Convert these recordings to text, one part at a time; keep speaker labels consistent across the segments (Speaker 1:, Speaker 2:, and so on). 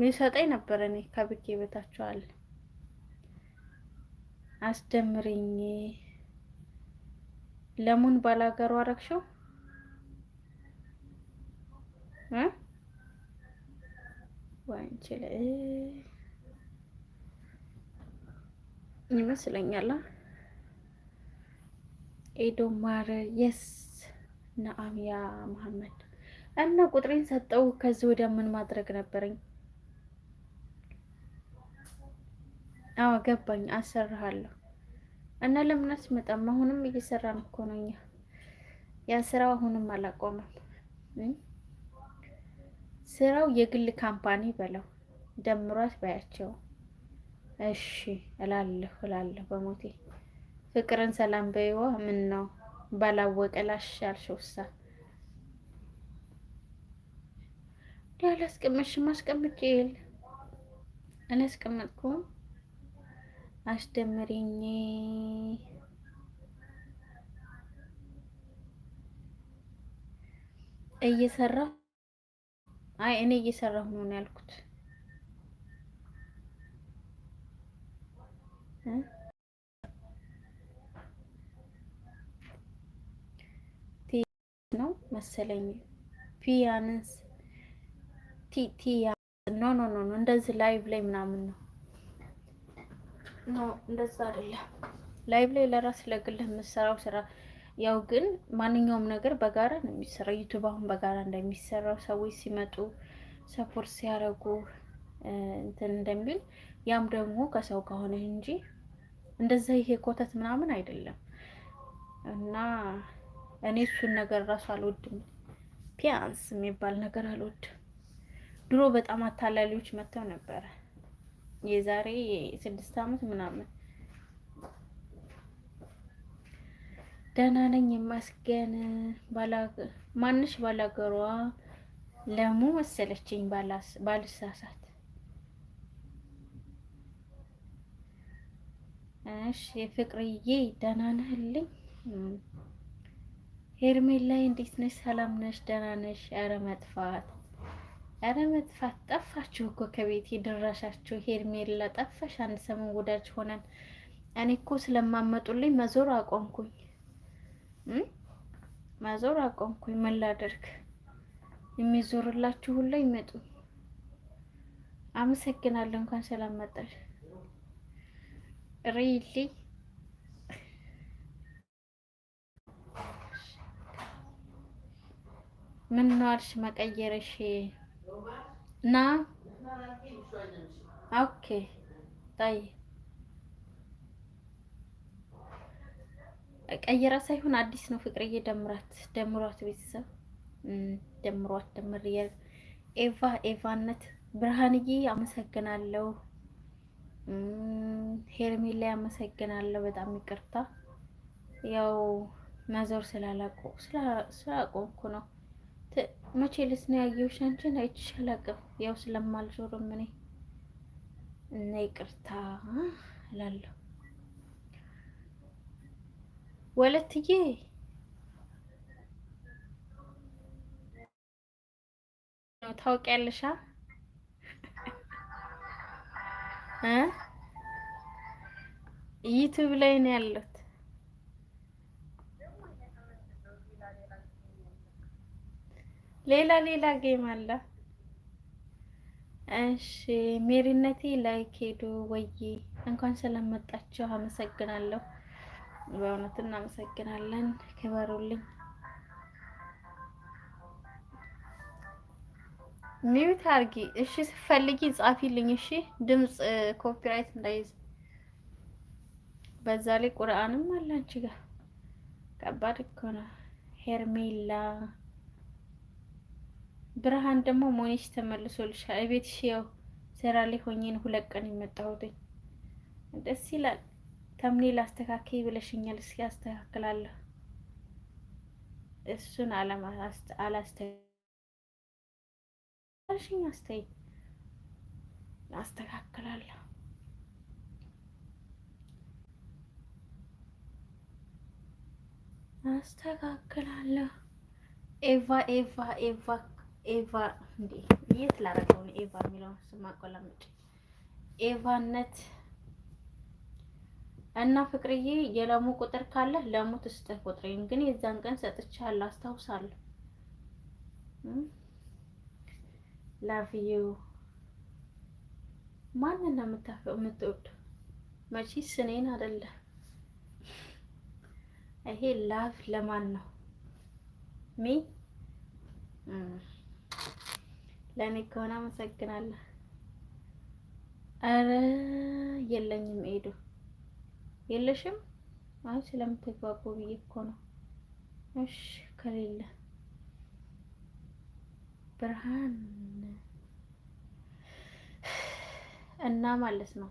Speaker 1: ሚሰጠኝ ነበር። እኔ ከብኬ ቤታቸዋል አስደምርኝ ለሙን ባላገሩ አረክሽው ዋንቺ ይመስለኛል ኤዶ ማረ የስ ነአም ያ መሐመድ እና ቁጥሬን ሰጠው። ከዚህ ወዲያ ምን ማድረግ ነበረኝ? አዎ ገባኝ፣ አሰርሃለሁ እና ለምን መጣም አሁንም እየሰራን እኮ ነው እኛ ያ ስራው አሁንም አላቆመም። ስራው የግል ካምፓኒ በለው ደምሯት በያቸው እሺ እላለሁ እላለሁ በሞቴ ፍቅርን ሰላም በይዋ ምን ነው ባላወቀ ላሽ ያልሸውሳ ያላስቀመጥሽም አስቀምጬ የለ አላስቀመጥኩም። አስደምሪኝ እየሰራሁ አይ እኔ እየሰራሁ ነው ያልኩት። መሰለኝ ፒያንስ ቲቲያ ኖ ኖ ኖ እንደዚህ ላይቭ ላይ ምናምን ነው ኖ እንደዛ አይደለም። ላይቭ ላይ ለራስ ለግልህ የምትሰራው ስራ ያው ግን ማንኛውም ነገር በጋራ ነው የሚሰራው። ዩቱብ አሁን በጋራ እንደሚሰራው ሰዎች ሲመጡ ሰፖርት ሲያደርጉ እንትን እንደሚል ያም ደግሞ ከሰው ከሆነ እንጂ እንደዛ ይሄ ኮተት ምናምን አይደለም እና እኔ እሱን ነገር ራሱ አልወድም። ፒያንስ የሚባል ነገር አልወድም። ድሮ በጣም አታላሊዎች መጥተው ነበረ። የዛሬ ስድስት አመት ምናምን ደህና ነኝ የማስገን ማንሽ ባላገሯ ለሙ መሰለችኝ ባልሳሳት። እሺ ፍቅርዬ ደህና ነህልኝ? ሄርሜላ እንዴት ነሽ? ሰላም ነሽ? ደህና ነሽ? ኧረ መጥፋት ኧረ መጥፋት ጠፋችሁ እኮ ከቤት የደረሻችሁ ሄርሜላ ጠፋሽ። አንድ ሰሞን ወዳጅ ሆነን እኔ እኮ ስለማመጡልኝ መዞር አቆምኩኝ መዞር አቆምኩኝ። ምን ላደርግ? የሚዞርላችሁ ሁላ ይመጡ። አመሰግናለሁ። እንኳን ሰላም መጣሽ ሪሊ ምን ነዋልሽ መቀየርሽ ና ኦኬ ታይ ቀይራ ሳይሆን አዲስ ነው ፍቅርዬ ደምራት ደምሯት ቤተሰብ ደምሯት ደምር ኤቫ ኤቫነት ብርሃንዬ አመሰግናለሁ። ሄርሜላ አመሰግናለሁ። በጣም ይቅርታ ያው መዞር ስላላቆ ስላቆምኩ ነው። መቼ ልስ ነው ያየሁሽ? አንቺን አይቼሽ አላውቅም። ያው ስለማልዞርም እኔ እና ይቅርታ እላለሁ። ወለትዬ ታውቂያለሽ እ ዩቲዩብ ላይ ነው ያለሁት ሌላ ሌላ ጌም አለ። እሺ ሜሪነቴ ላይክ ሄዱ ወይ? እንኳን ስለመጣችሁ አመሰግናለሁ። በእውነት እናመሰግናለን። ክበሩልኝ። ሚዩት አርጊ። እሺ ስፈልጊ ጻፊልኝ። እሺ ድምፅ ኮፒራይት እንዳይዝ። በዛ ላይ ቁርአንም አለ አንቺ ጋር። ከባድ እኮ ነው ሄርሜላ ብርሃን ደግሞ ሞኒሽ ተመልሶልሻል። እቤትሽ ያው ስራ ላይ ሆኜን ሁለት ቀን የመጣሁትኝ ደስ ይላል። ተምኔ ላስተካከይ ብለሽኛል። እስኪ አስተካክላለሁ። እሱን አላስተሽኝ አስተይ አስተካክላለሁ። አስተካክላለሁ። ኤቫ ኤቫ ኤቫ ኤቫ እንዴ የት ላደረገው ነው? ኤቫ የሚለውን ስም አቆላምጭ ኤቫነት እና ፍቅርዬ የለሙ ቁጥር ካለ ለሙ ትስጥህ። ቁጥሬን ግን የዛን ቀን ሰጥቻለሁ፣ አስታውሳለሁ። ላቪዩ ማንን ነው የምትወዱ? መቼስ እኔን አይደለ። ይሄ ላቭ ለማን ነው ሚ ለእኔ ከሆነ አመሰግናለሁ። አረ የለኝም፣ ኤዱ የለሽም? አይ ስለምትግባቡ ብዬ እኮ ነው። እሺ ከሌለ ብርሃን እና ማለት ነው።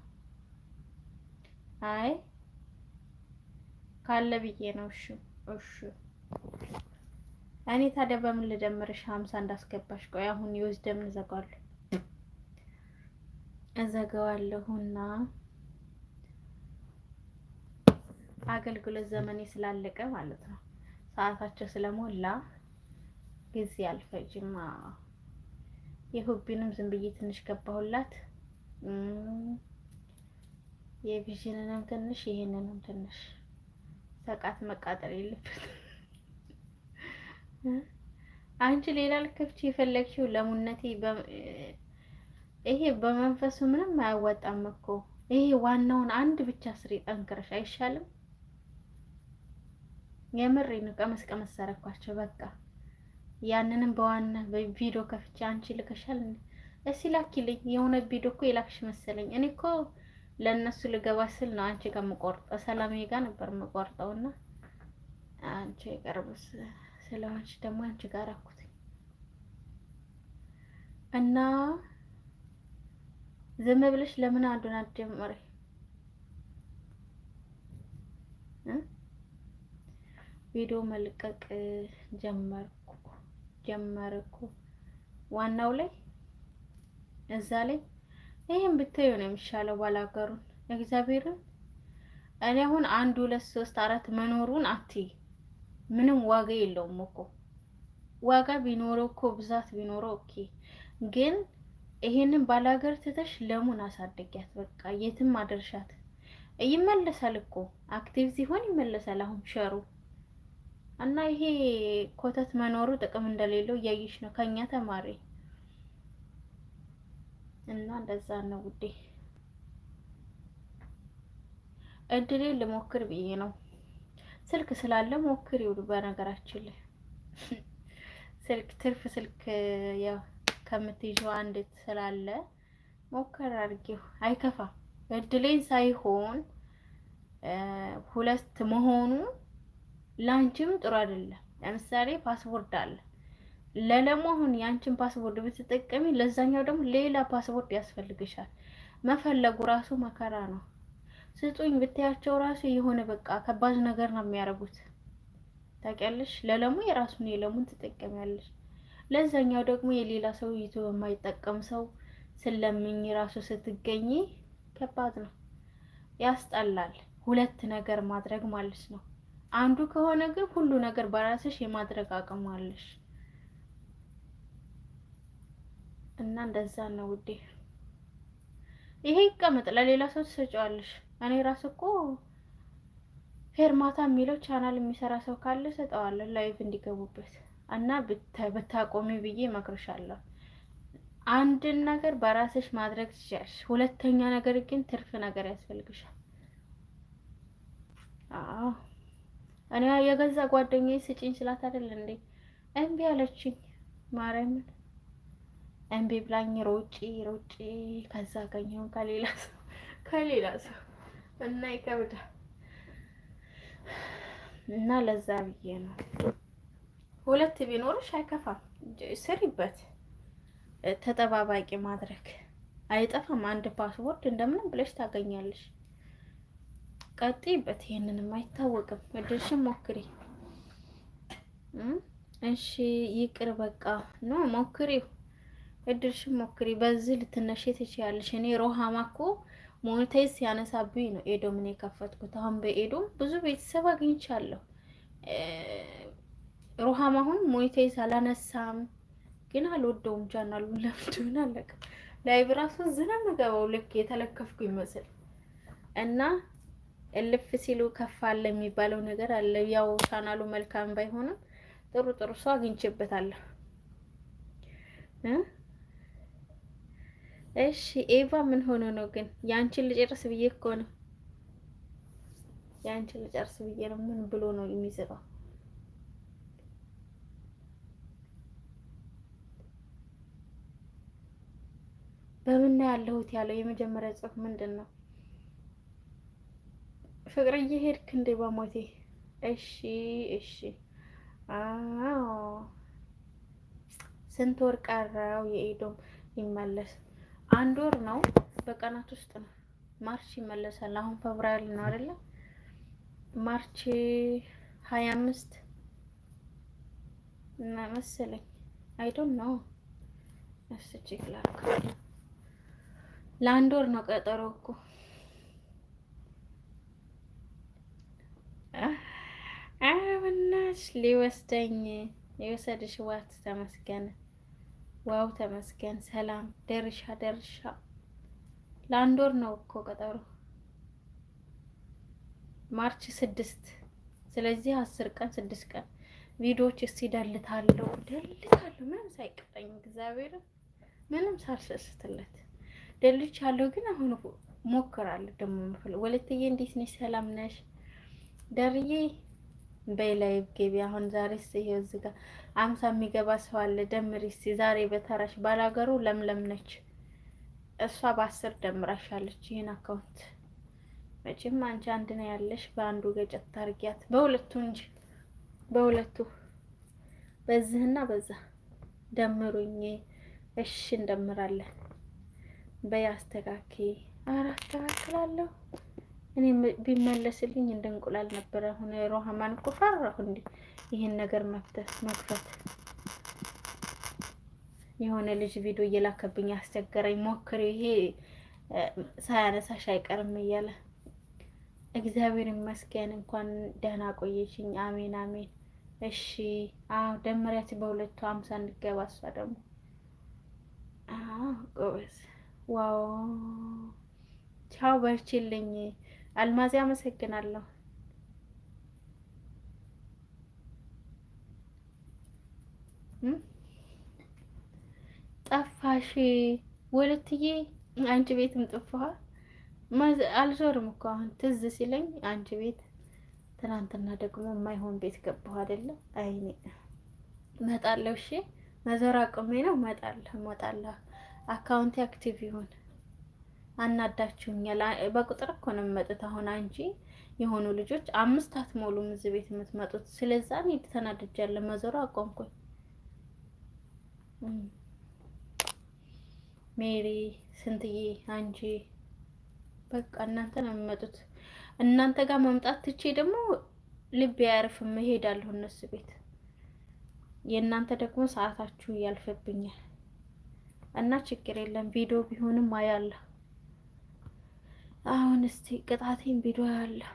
Speaker 1: አይ ካለ ብዬ ነው። እሺ እሺ እኔ ታዲያ በምን ልደምርሽ? ሀምሳ እንዳስገባሽ ቆይ፣ አሁን የወዝ ደም እንዘጋዋለሁ እዘጋዋለሁና አገልግሎት ዘመኔ ስላለቀ ማለት ነው። ሰዓታቸው ስለሞላ ጊዜ አልፈጅም። የሁቢንም ዝም ብዬ ትንሽ ገባሁላት፣ የቪዥንንም ትንሽ፣ ይሄንንም ትንሽ ሰቃት መቃጠል የለበትም። አንቺ ሌላ ልከፍች የፈለግሽው ለሙነቴ ይሄ በመንፈሱ ምንም አያዋጣም እኮ ይሄ ዋናውን አንድ ብቻ ስሪ ጠንክረሽ አይሻልም? የምሬ ነው። ቀመስ ቀመስ ሰረኳቸው በቃ ያንንም በዋና በቪዲዮ ከፍቼ አንቺ ልከሻል። እሺ ላኪልኝ። የሆነ ቪዲዮ እኮ የላክሽ መሰለኝ። እኔ እኮ ለእነሱ ልገባ ስል ነው አንቺ ጋር የምቆርጠው። ሰላሜ ጋር ነበር የምቆርጠውና አንቺ የቀርብስ ስለሆንሽ ደግሞ አንቺ ጋር አኩት እና ዝም ብለሽ ለምን አንዱን አትጀምሪ? ቪዲዮ መልቀቅ ጀመርኩ ጀመርኩ ዋናው ላይ እዛ ላይ ይሄን ብታዩ ነው የሚሻለው። ባላገሩን እግዚአብሔርን እኔ አሁን አንድ ሁለት ሶስት አራት መኖሩን አትይ። ምንም ዋጋ የለውም እኮ ዋጋ ቢኖረው እኮ ብዛት ቢኖረው ኦኬ። ግን ይሄንን ባላገር ትተሽ ለሙን አሳደጊያት፣ በቃ የትም አደርሻት። ይመለሳል እኮ አክቲቭ ሲሆን ይመለሳል። አሁን ሸሩ እና ይሄ ኮተት መኖሩ ጥቅም እንደሌለው እያየሽ ነው። ከኛ ተማሪ እና እንደዛ ነው ውዴ። እድሌ ልሞክር ብዬ ነው ስልክ ስላለ ሞክር ይውሉ በነገራችን ላይ ስልክ ትርፍ ስልክ ያው ከምትይዘው አንድ ስላለ ሞከር አድርጌው አይከፋም። እድሌን ሳይሆን ሁለት መሆኑ ላንቺም ጥሩ አይደለም። ለምሳሌ ፓስፖርት አለ ለለመሆን ያንቺን ፓስፖርት ብትጠቀሚ፣ ለዛኛው ደግሞ ሌላ ፓስፖርት ያስፈልግሻል። መፈለጉ ራሱ መከራ ነው። ስጡኝ ብታያቸው ራሱ የሆነ በቃ ከባድ ነገር ነው የሚያደርጉት። ታውቂያለሽ፣ ለለሙ የራሱን የለሙን ትጠቀሚያለሽ። ለዛኛው ደግሞ የሌላ ሰው ይቶ የማይጠቀም ሰው ስለምኝ ራሱ ስትገኝ ከባድ ነው፣ ያስጠላል። ሁለት ነገር ማድረግ ማለት ነው። አንዱ ከሆነ ግን ሁሉ ነገር በራስሽ የማድረግ አቅም አለሽ እና እንደዛ ነው ውዴ። ይሄ ይቀመጥ፣ ለሌላ ሰው ትሰጫዋለሽ። እኔ ራስኮ እኮ ፌርማታ የሚለው ቻናል የሚሰራ ሰው ካለ ሰጠዋለሁ ላይቭ እንዲገቡበት እና ብታቆሚ ብዬ እመክርሻለሁ። አንድን ነገር በራስሽ ማድረግ ትችያለሽ። ሁለተኛ ነገር ግን ትርፍ ነገር ያስፈልግሻል። አዎ እኔ የገዛ ጓደኛዬ ስጭኝ ስላት አይደል እንዴ እምቢ አለችኝ። ማርያምን እምቢ ብላኝ ሮጪ ሮጪ ከዛ አገኘሁን ከሌላ ሰው ከሌላ ሰው እና ይከብዳል። እና ለዛ ብዬ ነው ሁለት ቢኖርሽ አይከፋም፣ ስሪበት። ተጠባባቂ ማድረግ አይጠፋም። አንድ ፓስወርድ እንደምንም ብለሽ ታገኛለሽ። ቀጥይበት። ይሄንንም አይታወቅም። እድልሽን ሞክሪ። እሺ ይቅር በቃ ኖ ሞክሪው፣ እድልሽን ሞክሪ። በዚህ ልትነሽ ትችያለሽ። እኔ ሮሃማ እኮ ሞኔታይዝ ሲያነሳብኝ ነው ኤዶምን የከፈትኩት። አሁን በኤዶም ብዙ ቤተሰብ አግኝቻለሁ። ሩሃም አሁን ሞኒታይዝ አላነሳም፣ ግን አልወደውም ቻናሉ ለምድሆን አለቀ። ላይቭ ራሱ ዝና መገባው ልክ የተለከፍኩ ይመስል እና እልፍ ሲሉ ከፍ አለ የሚባለው ነገር አለ። ያው ቻናሉ መልካም ባይሆንም ጥሩ ጥሩ ሰው አግኝቼበታለሁ። እሺ ኤቫ ምን ሆኖ ነው ግን? ያንቺን ልጨርስ ብዬ እኮ ነው ያንቺን ልጨርስ ብዬ ነው። ምን ብሎ ነው የሚስበው? በምን ነው ያለሁት ያለው የመጀመሪያ ጽሑፍ ምንድን ነው? ፍቅርዬ ሄድክ እንዴ በሞቴ? እሺ እሺ። አዎ ስንት ወር ቀረው የኤዶም ይመለስ አንድ ወር ነው፣ በቀናት ውስጥ ነው። ማርች ይመለሳል። አሁን ፌብራሪ ነው አይደለ? ማርች ሀያ አምስት መሰለኝ። አይ ዶንት ኖ እስቲ ላድርግ። ለአንድ ወር ነው ቀጠሮ እኮ አብናሽ ሊወስደኝ የወሰድሽ ዋት ተመስገን ዋው ተመስገን፣ ሰላም ደርሻ ደርሻ። ለአንድ ወር ነው እኮ ቀጠሮ ማርች ስድስት ስለዚህ አስር ቀን ስድስት ቀን ቪዲዮዎች እስቲ ደልታለሁ ደልታለሁ ምንም ሳይቀጠኝ እግዚአብሔር ምንም ሳልሰስትለት ደልቻለሁ። ግን አሁን ሞክራለሁ ደግሞ ምፍል ወለትዬ እንዴት ነሽ? ሰላም ነሽ? ደርዬ በላይቭ ገቢ አሁን ዛሬ እዚህ ጋር አምሳ የሚገባ ሰው አለ። ደምሪ እስኪ ዛሬ በተራሽ። ባላገሩ ለምለም ነች። እሷ በአስር ደምራሻለች ይህን አካውንት። መቼም አንቺ አንድ ነው ያለሽ። በአንዱ ገጨት ታርጊያት፣ በሁለቱ እንጂ በሁለቱ በዚህና በዛ ደምሩኝ። እሺ እንደምራለን። በይ አስተካኪ። ኧረ አስተካክላለሁ እኔ ቢመለስልኝ እንደ እንቁላል ነበረ። አሁን ሮሃማን እኮ ፈራሁ ይህን ነገር መፍተት መክፈት። የሆነ ልጅ ቪዲዮ እየላከብኝ አስቸገረኝ፣ ሞክር ይሄ ሳያነሳሽ አይቀርም እያለ እግዚአብሔር ይመስገን እንኳን ደህና ቆየችኝ። አሜን አሜን። እሺ አዎ፣ ደመሪያት በሁለቱ አምሳ እንድገባ እሷ ደግሞ ጎበዝ። ዋው ቻው፣ በርችልኝ አልማዝ አመሰግናለሁ። ጠፋሽ ወለትዬ፣ አንቺ ቤትም ጠፋህ። አልዞርም እኮ አሁን ትዝ ሲለኝ አንቺ ቤት ትናንትና ደግሞ የማይሆን ቤት ገባሁ አይደለ? አይኔ እመጣለሁ። እሺ መዞር አቁሜ ነው። እመጣለሁ፣ እመጣለሁ። አካውንቴ አክቲቭ ይሁን። አናዳችሁኛል። በቁጥር እኮ ነው የምመጡት አሁን አንቺ የሆኑ ልጆች አምስት አትሞሉም እዚህ ቤት የምትመጡት። ስለዛ እኔ ተናድጃለሁ፣ መዞር አቆምኩኝ። ሜሪ ስንትዬ፣ አንቺ በቃ እናንተ ነው የምመጡት። እናንተ ጋር መምጣት ትቼ ደግሞ ልብ ያርፍም እሄዳለሁ እነሱ ቤት። የእናንተ ደግሞ ሰዓታችሁ ያልፍብኛል እና ችግር የለም ቪዲዮ ቢሆንም አያለሁ አሁን እስቲ ቅጣቴን ቪዲዮ ያለሁ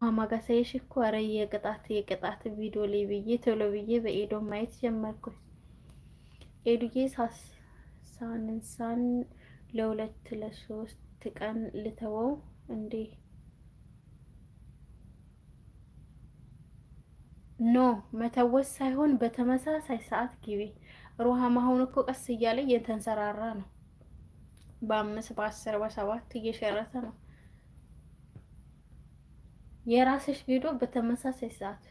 Speaker 1: ማማጋሳዬሽ እኮ ኧረ የቅጣት የቅጣት ቪዲዮ ላይ ብዬ ቶሎ ብዬ በኤዶ ማየት ጀመርኩኝ። ኤዱዬ ሳንሳን ለሁለት ለሶስት ቀን ልተወው እንዴ? ኖ መተወስ ሳይሆን በተመሳሳይ ሰዓት ግቢ። ሩሃም አሁን እኮ ቀስ እያለ እየተንሰራራ ነው። በአምስት በአስር በሰባት እየሸረተ ነው። የራስሽ ቪዲዮ በተመሳሳይ ሰዓት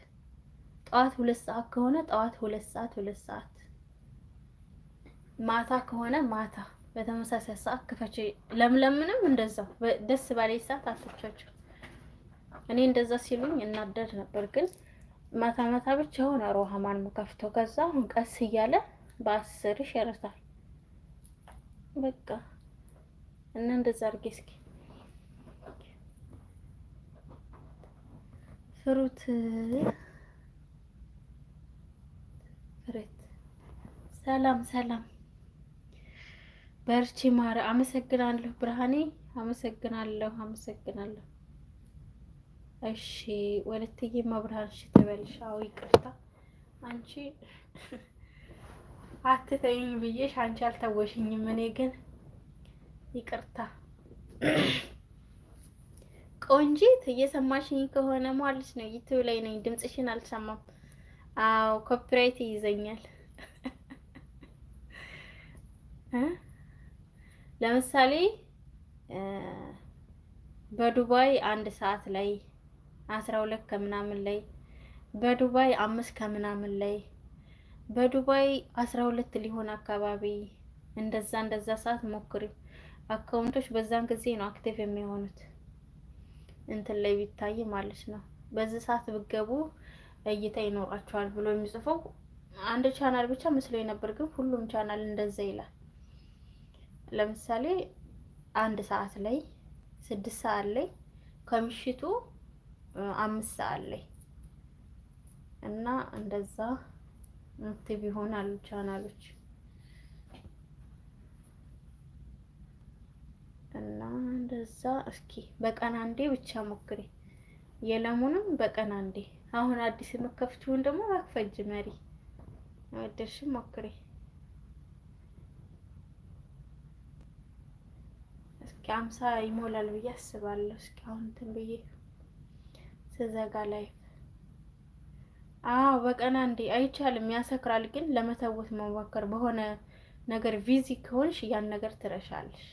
Speaker 1: ጠዋት ሁለት ሰዓት ከሆነ ጠዋት ሁለት ሰዓት ሁለት ሰዓት ማታ ከሆነ ማታ በተመሳሳይ ሰዓት ክፈች። ለምለምንም እንደዛው ደስ ባለኝ ሰዓት አትቻቸው። እኔ እንደዛ ሲሉኝ እናደድ ነበር፣ ግን ማታ ማታ ብቻ ሆነ ሮሃማን መከፍተው ከዛ አሁን ቀስ እያለ በአስር ይሸርታል በቃ እና እንደዛ አድርጌ እስኪ ፍሩት ፍሬት ሰላም ሰላም በርቺ ማረ አመሰግናለሁ ብርሃኔ አመሰግናለሁ አመሰግናለሁ እሺ ወለትዬ መብርሃን እሺ ትበልሽ አዎ ይቅርታ አንቺ አትተኝ ብዬሽ አንቺ አልታወሽኝም እኔ ግን ይቅርታ ቆንጂት እየሰማሽኝ ከሆነ ማለት ነው። ዩቲዩብ ላይ ነኝ፣ ድምጽሽን አልሰማም። አዎ ኮፒራይት ይይዘኛል። ለምሳሌ በዱባይ አንድ ሰዓት ላይ አስራ ሁለት ከምናምን ላይ በዱባይ አምስት ከምናምን ላይ በዱባይ አስራ ሁለት ሊሆን አካባቢ እንደዛ እንደዛ ሰዓት ሞክሪ። አካውንቶች በዛን ጊዜ ነው አክቲቭ የሚሆኑት እንትን ላይ ቢታይ ማለት ነው። በዚህ ሰዓት ብገቡ እይታ ይኖራቸዋል ብሎ የሚጽፈው አንድ ቻናል ብቻ ምስሎ ነበር፣ ግን ሁሉም ቻናል እንደዛ ይላል። ለምሳሌ አንድ ሰዓት ላይ ስድስት ሰዓት ላይ ከምሽቱ አምስት ሰዓት ላይ እና እንደዛ አክቲቭ ይሆናሉ ቻናሎች። እና እንደዛ እስኪ በቀን አንዴ ብቻ ሞክሪ። የለሙንም በቀን አንዴ። አሁን አዲስ የምከፍችውን ደግሞ አክፈጅ መሪ ወደድሽም ሞክሪ። እስኪ አምሳ ይሞላል ብዬ አስባለሁ። እስኪ አሁን እንትን ብዬ ስዘጋ ላይ አዎ በቀን አንዴ አይቻልም፣ ያሰክራል። ግን ለመተወት መሞከር በሆነ ነገር ቪዚ ከሆንሽ ያን ነገር ትረሻለሽ።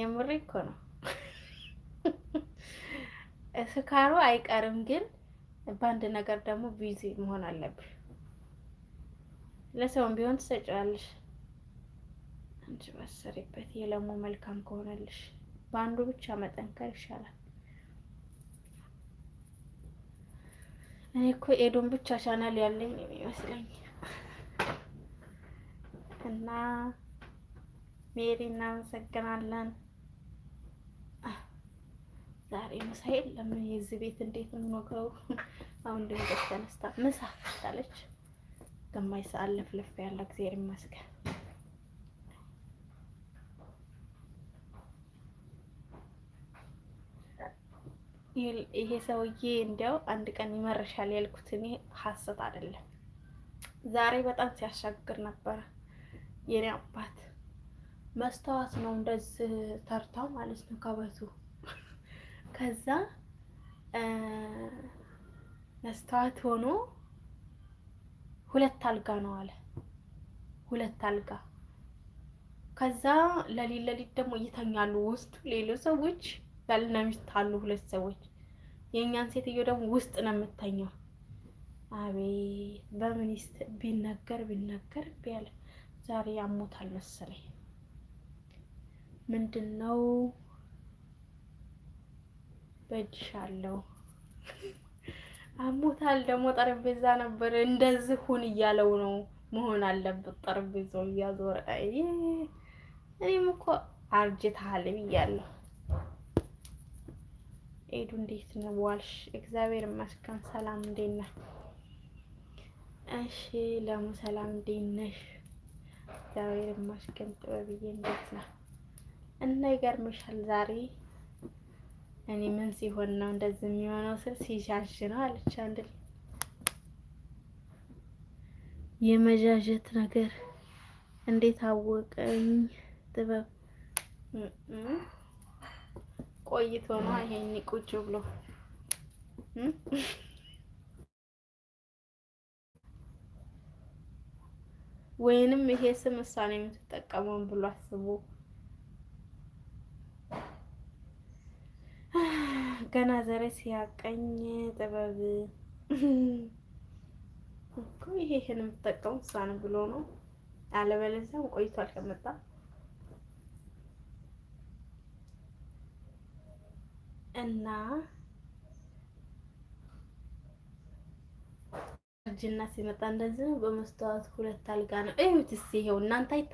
Speaker 1: የምሬ እኮ ነው። ስካሩ አይቀርም፣ ግን በአንድ ነገር ደግሞ ቢዚ መሆን አለብሽ። ለሰውም ቢሆን ትሰጫለሽ፣ አንቺ ባሰሪበት የለሙ መልካም ከሆነልሽ በአንዱ ብቻ መጠንከር ይሻላል። እኔ እኮ ብቻ ቻናል ያለኝ የሚመስለኝ እና ሜሪ እናመሰግናለን። ዛሬ ምሳ የለም። የዚህ ቤት እንዴት የምኖረው አሁን ድንገት ተነስታ ምሳ ታለች። ግማሽ ሰዓት ለፍለፍ ያለ እግዚአብሔር ይመስገን። ይሄ ሰውዬ እንዲያው አንድ ቀን ይመረሻል ያልኩት እኔ ሀሰት አይደለም። ዛሬ በጣም ሲያሻግር ነበረ የኔ አባት። መስታወት ነው እንደዚህ ተርታው ማለት ነው ከበቱ ከዛ መስታወት ሆኖ ሁለት አልጋ ነው አለ። ሁለት አልጋ ከዛ ለሊት ለሊት ደግሞ ይተኛሉ። ውስጥ ሌሎ ሰዎች ባልና ሚስት አሉ፣ ሁለት ሰዎች። የእኛን ሴትዮ ደግሞ ውስጥ ነው የምተኛው። አቤት በሚኒስት ቢነገር ቢነገር ቢያለ ዛሬ ያሞታል መሰለኝ ምንድን ነው በእጅሻለሁ አሞታል። ደግሞ ጠረጴዛ ነበር እንደዚህ ሁን እያለው ነው መሆን አለበት። ጠረጴዛው እያዞረ እኔም እኮ አርጅተሃል ብያለሁ። ኤዱ እንዴት ነው ዋልሽ? እግዚአብሔር ይመስገን። ሰላም እንዴት ነህ? እሺ ለሙ ሰላም እንዴት ነሽ? እግዚአብሔር ይመስገን። ጥበብዬ እንዴት ነህ? እና ይገርምሻል ዛሬ እኔ ምን ሲሆን ነው እንደዚህ የሚሆነው ስል ሲሻሽ ነው አለች። አንድ የመዣዠት ነገር እንዴት አወቀኝ? ጥበብ ቆይቶ ነው ይሄን ቁጭ ብሎ ወይንም ይሄ ስም እሷ ነው የምትጠቀመውን ብሎ አስቦ ገና ዘሬ ሲያቀኝ ጥበብ እኮ ይሄ ይሄን የምትጠቀሙ ሳን ብሎ ነው። አለበለዚያም ቆይቷል ከመጣ እና እርጅና ሲመጣ እንደዚህ ነው። በመስተዋት ሁለት አልጋ ነው እዩት እስኪ ይሄው እናንተ